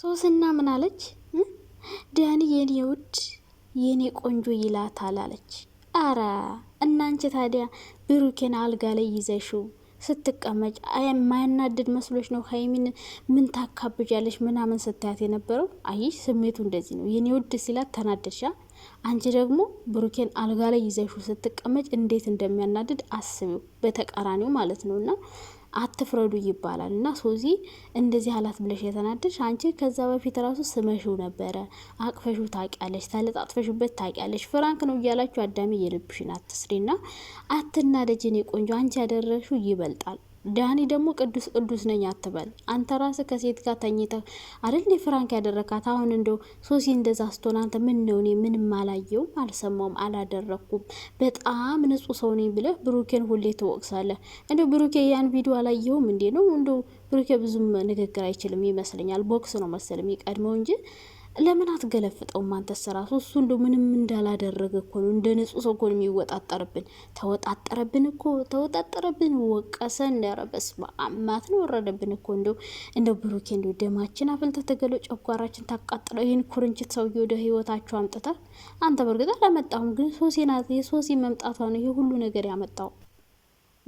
ሶስና ምን አለች? ዳኒ የኔ ውድ የኔ ቆንጆ ይላታል አለች። አረ እናንቺ ታዲያ ብሩኬን አልጋ ላይ ይዘሽው ስትቀመጭ የማያናድድ መስሎች ነው? ሀይሚን ምን ታካብጃለሽ ምናምን ስታያት የነበረው አይሽ፣ ስሜቱ እንደዚህ ነው የኔ ውድ ሲላት ተናደሻ። አንቺ ደግሞ ብሩኬን አልጋ ላይ ይዘሹ ስትቀመጭ እንዴት እንደሚያናድድ አስቢው፣ በተቃራኒው ማለት ነው እና አትፍረዱ ይባላል እና ሶዚ እንደዚህ አላት ብለሽ የተናደሽ አንቺ ከዛ በፊት ራሱ ስመሽው ነበረ፣ አቅፈሹ ታውቂያለሽ፣ ተለጣጥፈሽበት ታውቂያለሽ። ፍራንክ ነው እያላችሁ አዳሚ የልብሽን አትስሪ ና አትናደጅን የቆንጆ አንቺ ያደረግሽው ይበልጣል። ዳኒ ደግሞ ቅዱስ ቅዱስ ነኝ አትበል። አንተ ራስ ከሴት ጋር ተኝተ አይደል ፍራንክ ያደረካት። አሁን እንደው ሶሲ እንደዛ ስትሆን አንተ ምን ነው እኔ ምንም አላየውም፣ አልሰማውም፣ አላደረግኩም በጣም ንጹህ ሰው ነኝ ብለህ ብሩኬን ሁሌ ትወቅሳለህ። እንደው ብሩኬ ያን ቪዲዮ አላየውም እንዴ ነው? እንደው ብሩኬ ብዙም ንግግር አይችልም ይመስለኛል። ቦክስ ነው መሰል የሚቀድመው እንጂ ለምን አትገለፍጠውም? አንተስ ራሱ እሱ እንደ ምንም እንዳላደረገ እኮ ነው እንደ ንጹህ ሰው እኮ ነው የሚወጣጠርብን። ተወጣጠረብን እኮ ተወጣጠረብን፣ ወቀሰን። ኧረ በስመ አብ ማት ነው ወረደብን እኮ እንደው እንደ ብሩኬ እንደ ደማችን አፍልተ ተገሎ ጨጓራችን ታቃጥለው። ይህን ኩርንችት ሰውዬ ወደ ህይወታቸው አምጥተ አንተ በእርግጥ አላመጣሁም፣ ግን ሶሴ ናት። የሶሴ መምጣቷ ነው ይህ ሁሉ ነገር ያመጣው።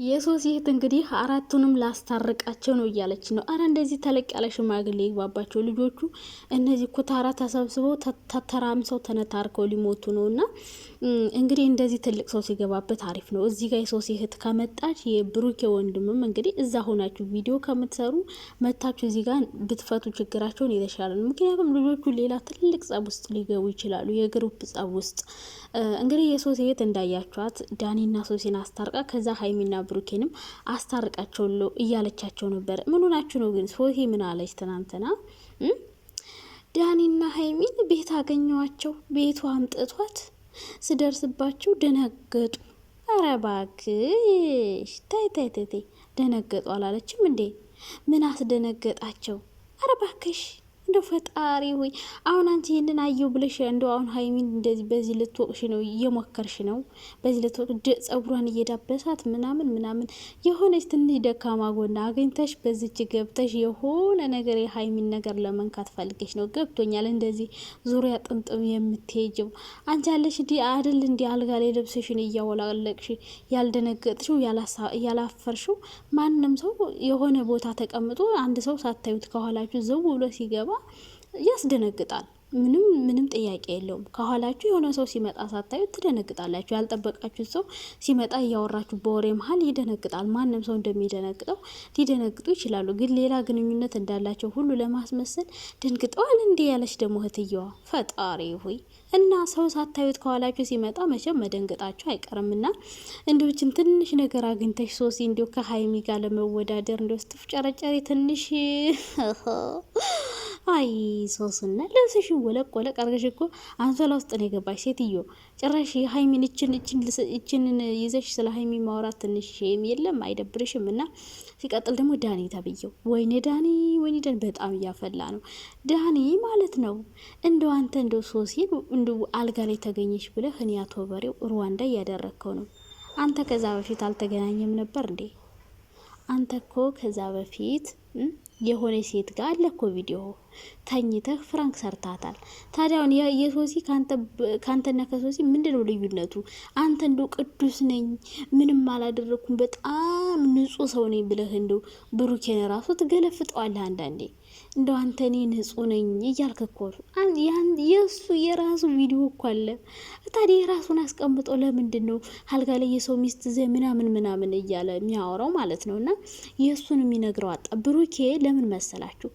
የሶስት እህት እንግዲህ አራቱንም ላስታርቃቸው ነው እያለች ነው። አረ እንደዚህ ተለቅ ያለ ሽማግሌ ይግባባቸው ልጆቹ እነዚህ ኩታራ ተሰብስበው ተተራምሰው ተነታርከው ሊሞቱ ነው እና እንግዲህ እንደዚህ ትልቅ ሰው ሲገባበት አሪፍ ነው። እዚህ ጋር የሶስት እህት ከመጣች የብሩኬ ወንድምም እንግዲህ እዛ ሆናችሁ ቪዲዮ ከምትሰሩ መታችሁ እዚህ ጋር ብትፈቱ ችግራቸውን የተሻለ ነው። ምክንያቱም ልጆቹ ሌላ ትልቅ ጸብ ውስጥ ሊገቡ ይችላሉ። የግሩፕ ጸብ ውስጥ እንግዲህ የሶስት እህት እንዳያችኋት ዳኒና ሶሴን አስታርቃ ከዛ ሀይሚና ብሩኬንም አስታርቃቸውለው እያለቻቸው ነበር። ምኑ ናችሁ ነው ግን? ሶሲ ምን አለች ትናንትና? ዳኒና ሀይሚን ቤት አገኘዋቸው። ቤቱ አምጥቷት ስደርስባቸው ደነገጡ። አረ እባክሽ ታይ ታይ ታይ ታይ ደነገጡ አላለችም እንዴ? ምን አስደነገጣቸው? ኧረ እባክሽ እንደ ፈጣሪ ሆይ አሁን አንቺ ይህንን አየው ብለሽ እንደ አሁን ሀይሚን እንደዚህ በዚህ ልትወቅሽ ነው እየሞከርሽ ነው። በዚህ ልትወቅ ጸጉሯን እየዳበሳት ምናምን ምናምን የሆነች ትንሽ ደካማ ጎና አገኝተሽ በዚች ገብተሽ የሆነ ነገር የሀይሚን ነገር ለመንካት ፈልገሽ ነው። ገብቶኛል። እንደዚህ ዙሪያ ጥምጥም የምትሄጅው አንቺ ያለሽ እንዲ አደል እንዲ አልጋ ላይ ልብስሽን እያወላለቅሽ ያልደነገጥሽው ያላፈርሽው ማንም ሰው የሆነ ቦታ ተቀምጦ አንድ ሰው ሳታዩት ከኋላችሁ ዘው ብሎ ሲገባ ያስደነግጣል። ምንም ምንም ጥያቄ የለውም። ከኋላችሁ የሆነ ሰው ሲመጣ ሳታዩት ትደነግጣላችሁ። ያልጠበቃችሁት ሰው ሲመጣ እያወራችሁ በወሬ መሀል ይደነግጣል። ማንም ሰው እንደሚደነግጠው ሊደነግጡ ይችላሉ። ግን ሌላ ግንኙነት እንዳላቸው ሁሉ ለማስመሰል ደንግጠዋል እንዲህ ያለች ደግሞ እህትየዋ። ፈጣሪ ሆይ እና ሰው ሳታዩት ከኋላችሁ ሲመጣ መቼም መደንገጣችሁ አይቀርም። ና እንዲችን ትንሽ ነገር አግኝተሽ ሶሲ እንዲሁ ከሀይሚ ጋር ለመወዳደር እንዲሁ ስትፍጨረጨሪ ትንሽ አይ ሶስና ልብስሽን ወለቅ ወለቅ አርገሽ እኮ አንሶላ ውስጥ ነው የገባሽ ሴትዮ። ጭራሽ ሀይሚን እችን እችን እችን ይዘሽ ስለ ሀይሚ ማውራት ትንሽ የለም አይደብርሽም? እና ሲቀጥል ደግሞ ዳኒ ተብየው፣ ወይኔ ዳኒ ወይኔ ዳኒ በጣም እያፈላ ነው ዳኒ ማለት ነው። እንደው አንተ እንደው ሶሲን እንደ አልጋ ላይ ተገኘሽ ብለህ እኔ አቶ በሬው ሩዋንዳ እያደረግከው ነው አንተ። ከዛ በፊት አልተገናኘም ነበር እንዴ አንተ እኮ ከዛ በፊት የሆነ ሴት ጋር አለ እኮ ቪዲዮ ተኝተህ ፍራንክ ሰርታታል። ታዲያውን የሶሲ ከአንተና ከሶሲ ምንድን ነው ልዩነቱ? አንተ እንደው ቅዱስ ነኝ ምንም አላደረግኩም በጣም ንጹህ ሰው ነኝ ብለህ እንደው ብሩኬን ራሱ ትገለፍጠዋለህ አንዳንዴ። እንደው አንተ እኔ ንጹህ ነኝ እያልክ እኮ የእሱ የራሱ ቪዲዮ እኮ አለ። ታዲያ የራሱን አስቀምጦ ለምንድን ነው አልጋ ላይ የሰው ሚስት ዘ ምናምን ምናምን እያለ የሚያወራው ማለት ነው? እና የእሱን የሚነግረው አጣ። ብሩኬ ለምን መሰላችሁ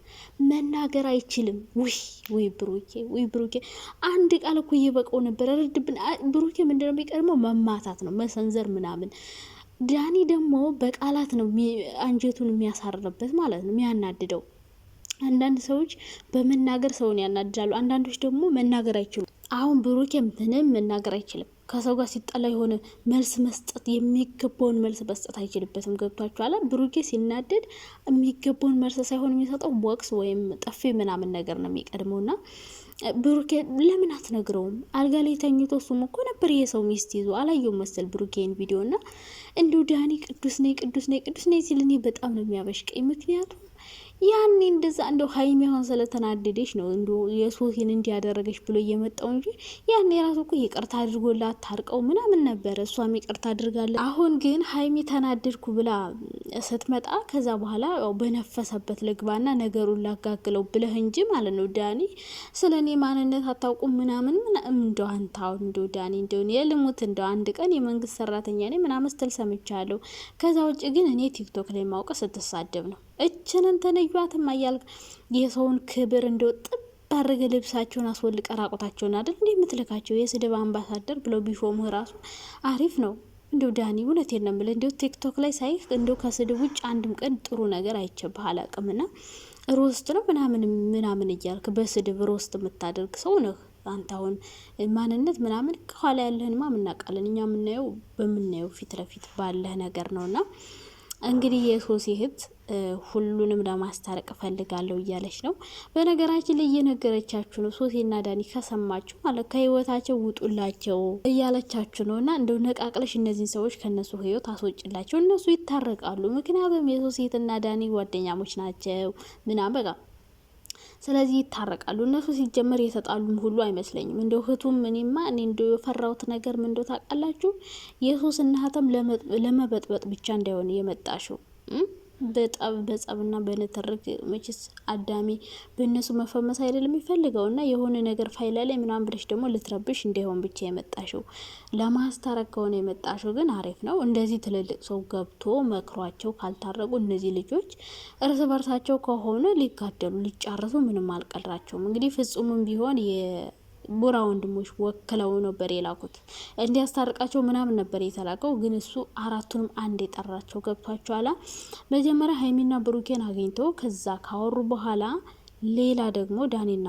መናገር አይችልም። ውይ ውይ ብሩኬ ውይ ብሩኬ አንድ ቃል እኮ እየበቀው ነበር። ርድብን ብሩኬ ምንድን ነው የሚቀድመው? መማታት ነው መሰንዘር ምናምን ዳኒ ደግሞ በቃላት ነው አንጀቱን የሚያሳርበት ማለት ነው የሚያናድደው። አንዳንድ ሰዎች በመናገር ሰውን ያናድዳሉ። አንዳንዶች ደግሞ መናገር አይችሉም። አሁን ብሩኬ ምንም መናገር አይችልም። ከሰው ጋር ሲጠላ የሆነ መልስ መስጠት የሚገባውን መልስ መስጠት አይችልበትም። ገብቷችኋል? ብሩኬ ሲናደድ የሚገባውን መልስ ሳይሆን የሚሰጠው ቦክስ ወይም ጠፌ ምናምን ነገር ነው የሚቀድመው እና ብሩኬ ለምን አትነግረውም? አልጋ ላይ ተኝቶ እሱም እኮ ነበር የሰው ሚስት ይዞ አላየው መሰል ብሩኬን ቪዲዮ እና እንዲሁ ዳኒ ቅዱስ ነኝ ቅዱስ ነኝ ቅዱስ ነኝ ሲል እኔ በጣም ነው የሚያበሽቀኝ ምክንያቱም ያኔ እንደዛ እንደው ሀይሚ አሁን ስለተናደደች ነው እንዶ የሶሲን እንዲያደረገች ብሎ እየመጣው እንጂ ያኔ የራሱ እኮ ይቅርታ አድርጎላ አታርቀው ምናምን ነበረ። እሷም ይቅርታ አድርጋለ። አሁን ግን ሀይሚ ተናደድኩ ብላ ስትመጣ ከዛ በኋላ በነፈሰበት ልግባና ነገሩን ላጋግለው ብለህ እንጂ ማለት ነው ዳኒ ስለ እኔ ማንነት አታውቁም ምናምን ምና እንደ አንታው እንዶ ዳኒ እንደሆን የልሙት እንደ አንድ ቀን የመንግስት ሰራተኛ እኔ ምናምን ስትል ሰምቻለሁ። ከዛ ውጭ ግን እኔ ቲክቶክ ላይ ማውቀ ስትሳደብ ነው እችንን ተነዩዋትማ እያልክ የሰውን ክብር እንደው ጥብ አድርገ ልብሳቸውን አስወልቀ ራቆታቸውን አይደል እንዲህ የምትልካቸው? የስድብ አምባሳደር ብለው ቢሾምህ ራሱ አሪፍ ነው። እንደው ዳኒ እውነት የለም ብለ እንደው ቲክቶክ ላይ ሳይህ እንደው ከስድብ ውጭ አንድም ቀን ጥሩ ነገር አይቼብህ አላውቅም። ሮስት ነው ምናምን ምናምን እያልክ በስድብ ሮስት የምታደርግ ሰው ነህ አንተ። አሁን ማንነት ምናምን ከኋላ ያለህን ማ ምናቃለን እኛ የምናየው በምናየው ፊት ለፊት ባለህ ነገር ነው ነውና እንግዲህ የሶሲ እህት ሁሉንም ለማስታረቅ ፈልጋለሁ እያለች ነው። በነገራችን ላይ እየነገረቻችሁ ነው። ሶሴና ዳኒ ከሰማችሁ ማለት ከህይወታቸው ውጡላቸው እያለቻችሁ ነው። እና እንደው ነቃቅለሽ እነዚህን ሰዎች ከነሱ ህይወት አስወጭላቸው፣ እነሱ ይታረቃሉ። ምክንያቱም የሶሴትና ዳኒ ጓደኛሞች ናቸው ምናምን በቃ ስለዚህ ይታረቃሉ። እነሱ ሲጀመር የተጣሉም ሁሉ አይመስለኝም። እንደው ህቱም እኔማ እኔ እንደ የፈራሁት ነገር ምን እንደው ታውቃላችሁ፣ የሱስ እናትም ለመበጥበጥ ብቻ እንዳይሆን የመጣሽው በጣም በጸብና በንትርክ መቼስ አዳሚ በእነሱ መፈመስ አይደለም የሚፈልገው እና የሆነ ነገር ፋይላ ላይ ምናምን ብለሽ ደግሞ ልትረብሽ እንዳይሆን ብቻ የመጣሽው ለማስታረቅ ከሆነ የመጣሽው ግን አሪፍ ነው። እንደዚህ ትልልቅ ሰው ገብቶ መክሯቸው ካልታረቁ እነዚህ ልጆች እርስ በርሳቸው ከሆነ ሊጋደሉ ሊጫርሱ ምንም አልቀራቸውም። እንግዲህ ፍጹምም ቢሆን ቡራ ወንድሞች ወክለው ነበር የላኩት እንዲያስታርቃቸው ምናምን ነበር የተላቀው ግን እሱ አራቱንም አንድ የጠራቸው ገብቷቸኋላ። መጀመሪያ ሀይሚና ብሩኬን አግኝተው ከዛ ካወሩ በኋላ ሌላ ደግሞ ዳኒና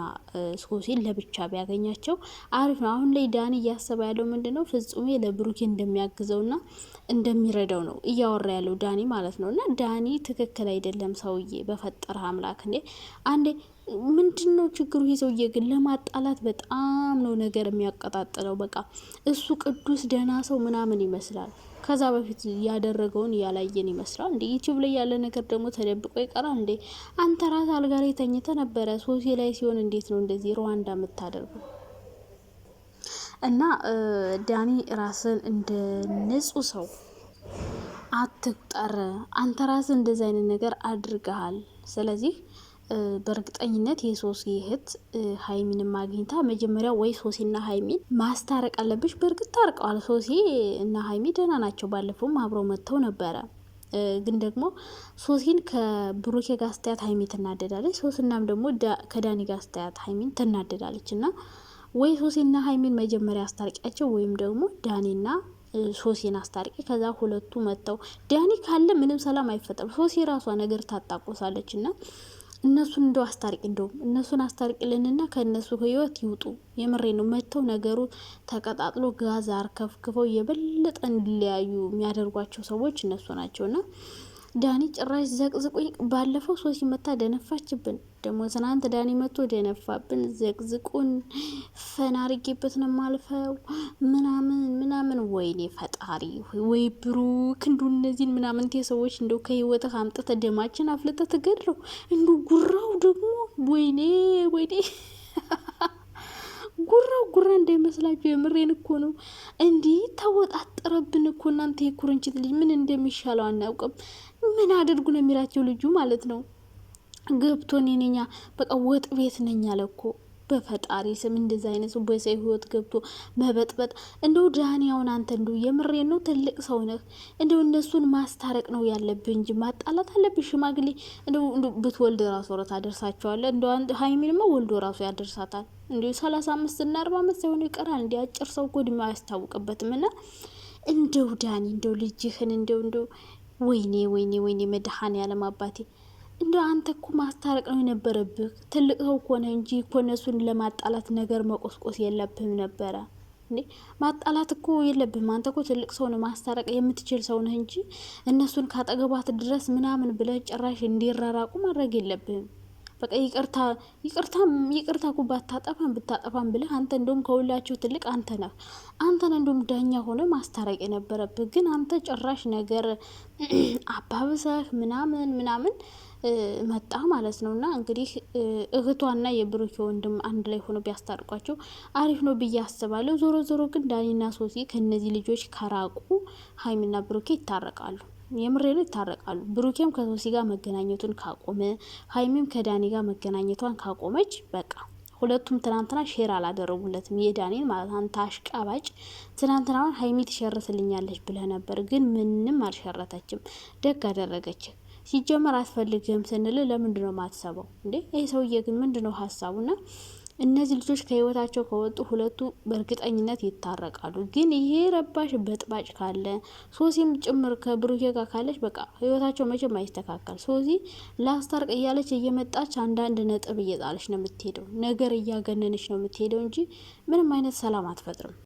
ሶሲን ለብቻ ቢያገኛቸው አሪፍ ነው። አሁን ላይ ዳኒ እያሰበ ያለው ምንድን ነው? ፍጹሜ ለብሩኬ እንደሚያግዘውና እንደሚረዳው ነው እያወራ ያለው ዳኒ ማለት ነው። እና ዳኒ ትክክል አይደለም ሰውዬ፣ በፈጠረ አምላክ እንዴ! አንዴ ምንድን ነው ችግሩ? ይህ ሰውዬ ግን ለማጣላት በጣም ነው ነገር የሚያቀጣጥለው። በቃ እሱ ቅዱስ ደህና ሰው ምናምን ይመስላል ከዛ በፊት ያደረገውን እያላየን ይመስላል እንዴ? ዩቲዩብ ላይ ያለ ነገር ደግሞ ተደብቆ ይቀራል እንዴ? አንተ ራስ አልጋ ላይ ተኝተ ነበረ። ሶሲ ላይ ሲሆን እንዴት ነው እንደዚህ ሩዋንዳ የምታደርገው? እና ዳኒ ራስን እንደ ንጹህ ሰው አትቁጠር። አንተ ራስን እንደዚህ አይነት ነገር አድርገሃል። ስለዚህ በእርግጠኝነት የሶሲ እህት ሀይሚን ማግኝታ መጀመሪያ ወይ ሶሲና ሀይሚን ማስታረቅ አለብሽ። በእርግጥ ታርቀዋል። ሶሲ እና ሀይሚ ደህና ናቸው። ባለፈውም አብረው መጥተው ነበረ። ግን ደግሞ ሶሲን ከብሩኬ ጋር አስተያየት ሀይሚ ትናደዳለች። ሶስናም ደግሞ ከዳኒ ጋር አስተያየት ሀይሚን ትናደዳለች። እና ወይ ሶሲና ሀይሚን መጀመሪያ አስታርቂያቸው ወይም ደግሞ ዳኒና ሶሲን አስታርቂ። ከዛ ሁለቱ መጥተው ዳኒ ካለ ምንም ሰላም አይፈጠርም። ሶሲ ራሷ ነገር ታጣቆሳለች እና እነሱን እንደው አስታርቂ፣ እንደውም እነሱን አስታርቂልንና ከእነሱ ህይወት ይውጡ። የምሬ ነው። መጥተው ነገሩ ተቀጣጥሎ ጋዛ አርከፍክፈው የበለጠ እንዲለያዩ የሚያደርጓቸው ሰዎች እነሱ ናቸውና ዳኒ ጭራሽ ዘቅዝቁኝ። ባለፈው ሶሲ መታ ደነፋችብን። ደግሞ ትናንት ዳኒ መቶ ደነፋብን። ዘቅዝቁን ፈና አርጌበት ነው ማልፈው ምናምን ምናምን። ወይኔ ፈጣሪ ወይ ብሩክ፣ እንዱ እነዚህን ቴ ሰዎች እንደው ከህይወትህ አምጥተህ ደማችን አፍልጠ ትገድለው። እንዱ ጉራው ደግሞ ወይኔ ወይኔ ጉራው ጉራ እንዳይመስላችሁ የምሬን እኮ ነው። እንዲህ ተወጣጠረብን እኮ እናንተ የኩርንችት ልጅ ምን እንደሚሻለው አናውቅም። ምን አድርጉ ነው የሚላቸው ልጁ ማለት ነው። ገብቶን የኔኛ በቃ ወጥ ቤት ነኝ አለ እኮ በፈጣሪ ስም እንደዚ አይነት በሰው ህይወት ገብቶ መበጥበጥ እንደው ዳኒ፣ አሁን አንተ እንደው የምሬ ነው ትልቅ ሰው ነህ። እንደው እነሱን ማስታረቅ ነው ያለብህ እንጂ ማጣላት አለብህ። ሽማግሌ እንደው ብትወልድ ራሱ ወረት አደርሳቸዋለሁ። እንደ ሀይሚንማ ወልዶ ራሱ ያደርሳታል። እንዲሁ ሰላሳ አምስት እና አርባ አመት ሳይሆን ይቀራል። እንዲ አጭር ሰው እኮ እድሜው አያስታውቅበትም። እና እንደው ዳኒ እንደው ልጅህን እንደው እንደው ወይኔ ወይኔ ወይኔ መድሃኔ ያለም አባቴ እንደ አንተ እኮ ማስታረቅ ነው የነበረብህ። ትልቅ ሰው ኮነ እንጂ እኮ እነሱን ለማጣላት ነገር መቆስቆስ የለብህም ነበረ። እንዴ ማጣላት እኮ የለብህም። አንተ እኮ ትልቅ ሰው ነው፣ ማስታረቅ የምትችል ሰው ነህ እንጂ እነሱን ካጠገባት ድረስ ምናምን ብለህ ጭራሽ እንዲራራቁ ማድረግ የለብህም። በቃ ይቅርታ ይቅርታ ይቅርታ እኮ ባታጠፋን ብታጠፋን ብለህ አንተ እንደውም ከሁላቸው ትልቅ አንተ ነህ አንተን እንደውም ዳኛ ሆነ ማስታረቅ የነበረብህ ግን አንተ ጭራሽ ነገር አባብሰህ ምናምን ምናምን መጣ ማለት ነው። እና እንግዲህ እህቷና የብሩኬ ወንድም አንድ ላይ ሆኖ ቢያስታርቋቸው አሪፍ ነው ብዬ አስባለሁ። ዞሮ ዞሮ ግን ዳኒና ሶሲ ከእነዚህ ልጆች ከራቁ ሀይሚና ብሩኬ ይታረቃሉ። የምሬሉ ይታረቃሉ። ብሩኬም ከሶሲ ጋር መገናኘቱን ካቆመ፣ ሀይሚም ከዳኒ ጋር መገናኘቷን ካቆመች በቃ ሁለቱም ትናንትና ሼር አላደረጉለትም፣ የዳኒን ማለት አንተ አሽቃባጭ፣ ትናንትናውን ሀይሚ ትሸርትልኛለች ብለህ ነበር፣ ግን ምንም አልሸረተችም። ደግ አደረገች። ሲጀመር አትፈልግህም ስንል ለምንድነው ማትሰበው እንዴ? ይህ ሰውዬ ግን ምንድነው ሀሳቡና እነዚህ ልጆች ከህይወታቸው ከወጡ ሁለቱ በእርግጠኝነት ይታረቃሉ። ግን ይሄ ረባሽ በጥባጭ ካለ ሶሲም ጭምር ከብሩኬ ጋር ካለች በቃ ህይወታቸው መቼም አይስተካከል። ሶሲ ላስታርቅ እያለች እየመጣች አንዳንድ ነጥብ እየጣለች ነው የምትሄደው፣ ነገር እያገነነች ነው የምትሄደው እንጂ ምንም አይነት ሰላም አትፈጥርም።